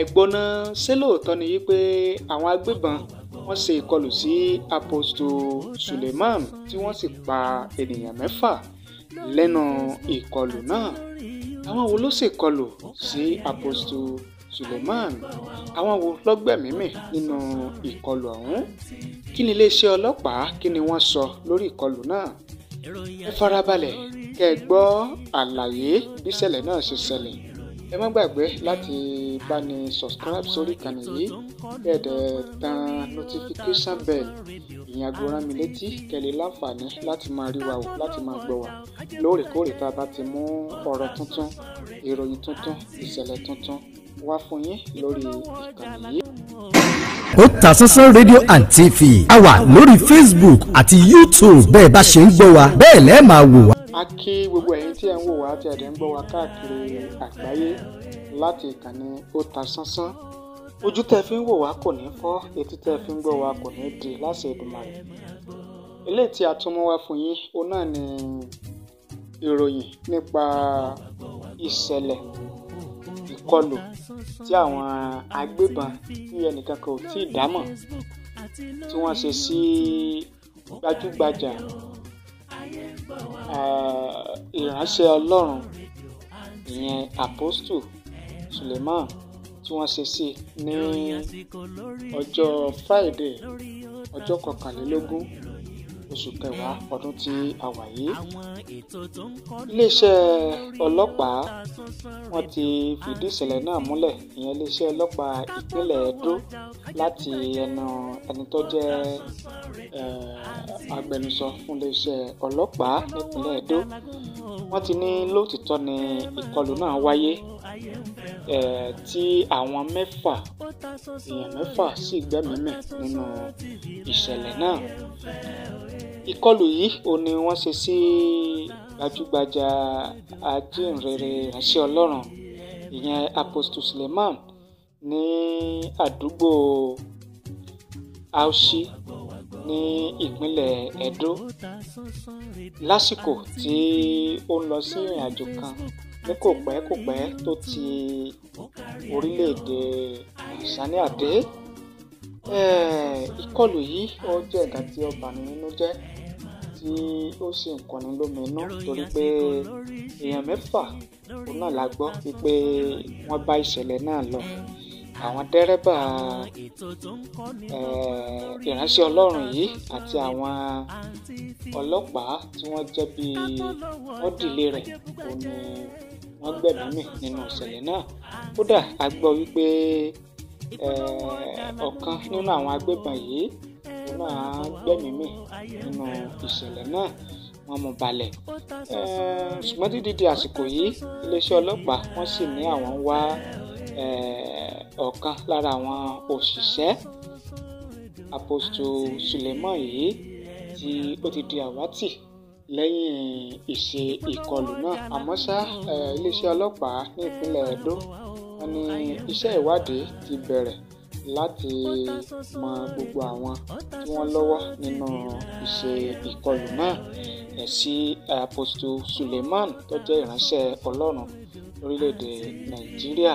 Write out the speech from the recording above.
ẹ̀gbọ́ná ṣé lóòótọ́ ni wípé àwọn agbébọn wọ́n ṣe ìkọlù sí aposto Suleiman tí wọ́n sì pa ènìyàn mẹ́fà lẹ́nu ìkọlù náà àwọn wo ló ṣèkọlù sí aposto Suleiman àwọn wo lọ́gbẹ̀mímì nínú ìkọlù ọ̀hún kí ni iléeṣẹ́ ọlọ́pàá kí ni wọ́n sọ lórí ìkọlù náà ẹ farabalẹ̀ kẹ́ ẹ gbọ́ àlàyé bíṣẹ̀lẹ̀ náà ṣe ṣẹlẹ̀ ẹ má gbàgbé láti bá ní subscribe sórí ìkànnì yìí bẹ́ẹ̀ dẹ̀ tan notification bell ìyẹn aago rán mi létí kẹ́lẹ́ láǹfààní láti máa rí wa o láti máa gbọ́ wa lóòrèkóòrè tá a bá ti mú ọ̀rọ̀ tuntun ìròyìn tuntun ìṣẹ̀lẹ̀ tuntun wá fún yín lórí ìkànnì yìí. Otasansan rédíò and TV a wà lórí Facebook àti YouTube bẹ́ẹ̀ bá ṣe ń gbọ́ wa bẹ́ẹ̀ lẹ́ẹ̀ máa wò wá a kí gbogbo ẹ̀yin tí ẹ̀ ń wò wá tí ẹ̀ dẹ̀ ń gbọ́ wá káàkiri àgbáyé láti ìkànnì ó ta sánsán ojú tẹ́ fi ń wò wá kò ní fọ́ etí tẹ́ fi ń gbọ́ wá kò ní di láṣẹ Èdùmàrè eléyìí tí a tún mú wá fún yín òun náà ni ìròyìn nípa ìṣẹ̀lẹ̀ ìkọlù tí àwọn agbébọn tí ẹnìkan kò tí ì dámọ̀ tí wọ́n ṣe sí gbajúgbajà. Uh, ìránṣẹ́ ọlọ́run ìyẹn apostle suleiman tí wọ́n ṣe sí ní ọjọ́ friday ọjọ́ kọkànlélógún oṣù kẹwàá ọdún tí a wà yìí iléeṣẹ́ ọlọ́pàá wọ́n ti fìdí ìṣẹ̀lẹ̀ náà múlẹ̀ ìyẹn iléeṣẹ́ ọlọ́pàá ìpínlẹ̀ Ẹdó láti ẹnu ẹni tó jẹ́ eh, agbẹnusọ fún iléeṣẹ́ ọlọ́pàá nípínlẹ̀ Ẹdó wọ́n ti ní lóòtítọ́ ni ìkọlù náà wáyé eh, tí àwọn mẹ́fà èèyàn mẹ́fà sì gbẹ́mìí mì nínú ìṣẹ̀lẹ̀ náà ìkọlù yìí òun ni wọ́n ṣe sí gbajúgbajà ajínrere ránṣẹ́ ọlọ́run ìyẹn apostle suleiman ní àdúgbò aushi ní ìpínlẹ̀ Edo, lásìkò tí ó ń lọ sí ìrìn àjò kan ní kò pẹ́ kò pẹ́ tó ti orílẹ̀-èdè Tanzania dé. Eh, ìkọlù yìí ó jẹ́ nǹkan tí ó bani nínú jẹ́ tí ó sì ń kọni lóminú torí pé èèyàn mẹ́fà òun náà la gbọ́ wípé wọ́n bá ìṣẹ̀lẹ̀ náà lọ àwọn dẹ́rẹ́bà eh, ìránṣẹ́ ọlọ́run yìí àti àwọn ọlọ́pàá tí wọ́n jẹ́ bí wọ́n rẹ̀ òun ni wọ́n gbẹ̀mí mì nínú ìṣẹ̀lẹ̀ náà kódà a gbọ́ wípé ọ̀kan nínú àwọn agbébọn yìí náà gbẹ́mìí mì nínú ìṣẹ̀lẹ̀ náà wọ́n mú balẹ̀ ṣùgbọ́n títí di àsìkò yìí iléeṣẹ́ ọlọ́pàá wọ́n sì ní àwọn ń wá ọ̀kan lára àwọn òṣìṣẹ́ Apostle Suleiman yìí tí ó ti di àwátì lẹ́yìn ìṣe ìkọlù náà àmọ́ ṣá iléeṣẹ́ ọlọ́pàá ní ìpínlẹ̀ Edo wọ́n ní iṣẹ́ ìwádìí ti bẹ̀rẹ̀ láti mọ gbogbo àwọn tí wọ́n lọ́wọ́ nínú ìṣe ìkọlù náà ẹ̀sí apostol Suleiman tó jẹ́ ìránṣẹ́ Ọlọ́run lórílẹ̀‐èdè Nàìjíríà